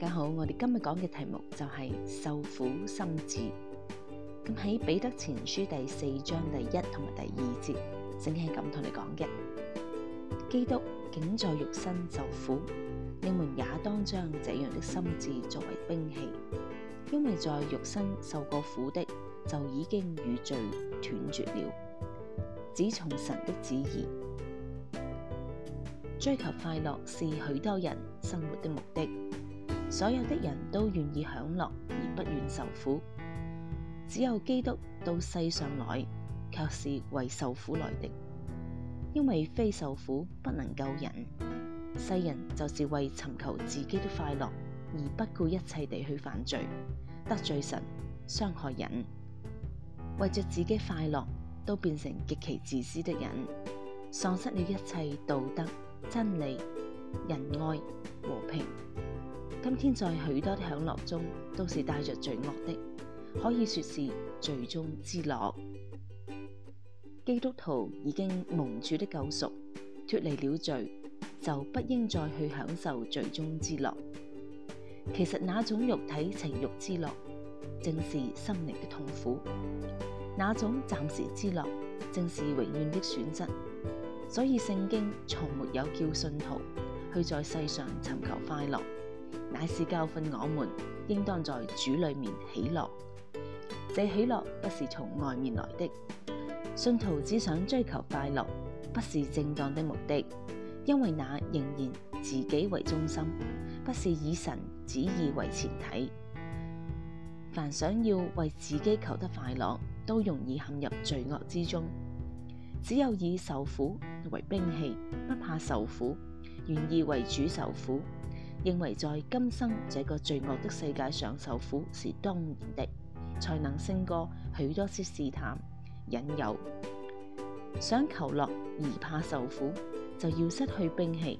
大家好，我哋今日講嘅題目就係受苦心志。咁喺彼得前書第四章第一同埋第二節，正係咁同你講嘅：基督既在肉身受苦，你們也當將這樣的心志作為兵器，因為在肉身受過苦的就已經與罪斷絕了，只從神的旨意追求快樂，是許多人生活的目的。所有的人都願意享樂而不願受苦，只有基督到世上來，却是為受苦來的。因為非受苦不能救人。世人就是為尋求自己的快樂而不顧一切地去犯罪、得罪神、傷害人，為着自己快樂都變成極其自私的人，喪失了一切道德、真理、仁愛、和平。今天在許多的享樂中，都是帶着罪惡的，可以說是罪中之樂。基督徒已經蒙主的救贖，脫離了罪，就不應再去享受罪中之樂。其實那種肉體情欲之樂，正是心靈的痛苦；那種暫時之樂，正是永遠的損失。所以聖經從沒有叫信徒去在世上尋求快樂。乃是教訓我們應當在主裏面喜樂，這喜樂不是從外面來的。信徒只想追求快樂，不是正當的目的，因為那仍然自己為中心，不是以神旨意為前提。凡想要為自己求得快樂，都容易陷入罪惡之中。只有以受苦為兵器，不怕受苦，願意為主受苦。認為在今生這個罪惡的世界上受苦是當然的，才能勝過許多次試探、引誘。想求樂而怕受苦，就要失去兵器，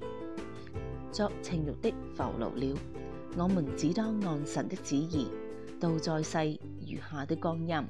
作情欲的俘虜了。我們只當按神的旨意，道在世餘下的光陰。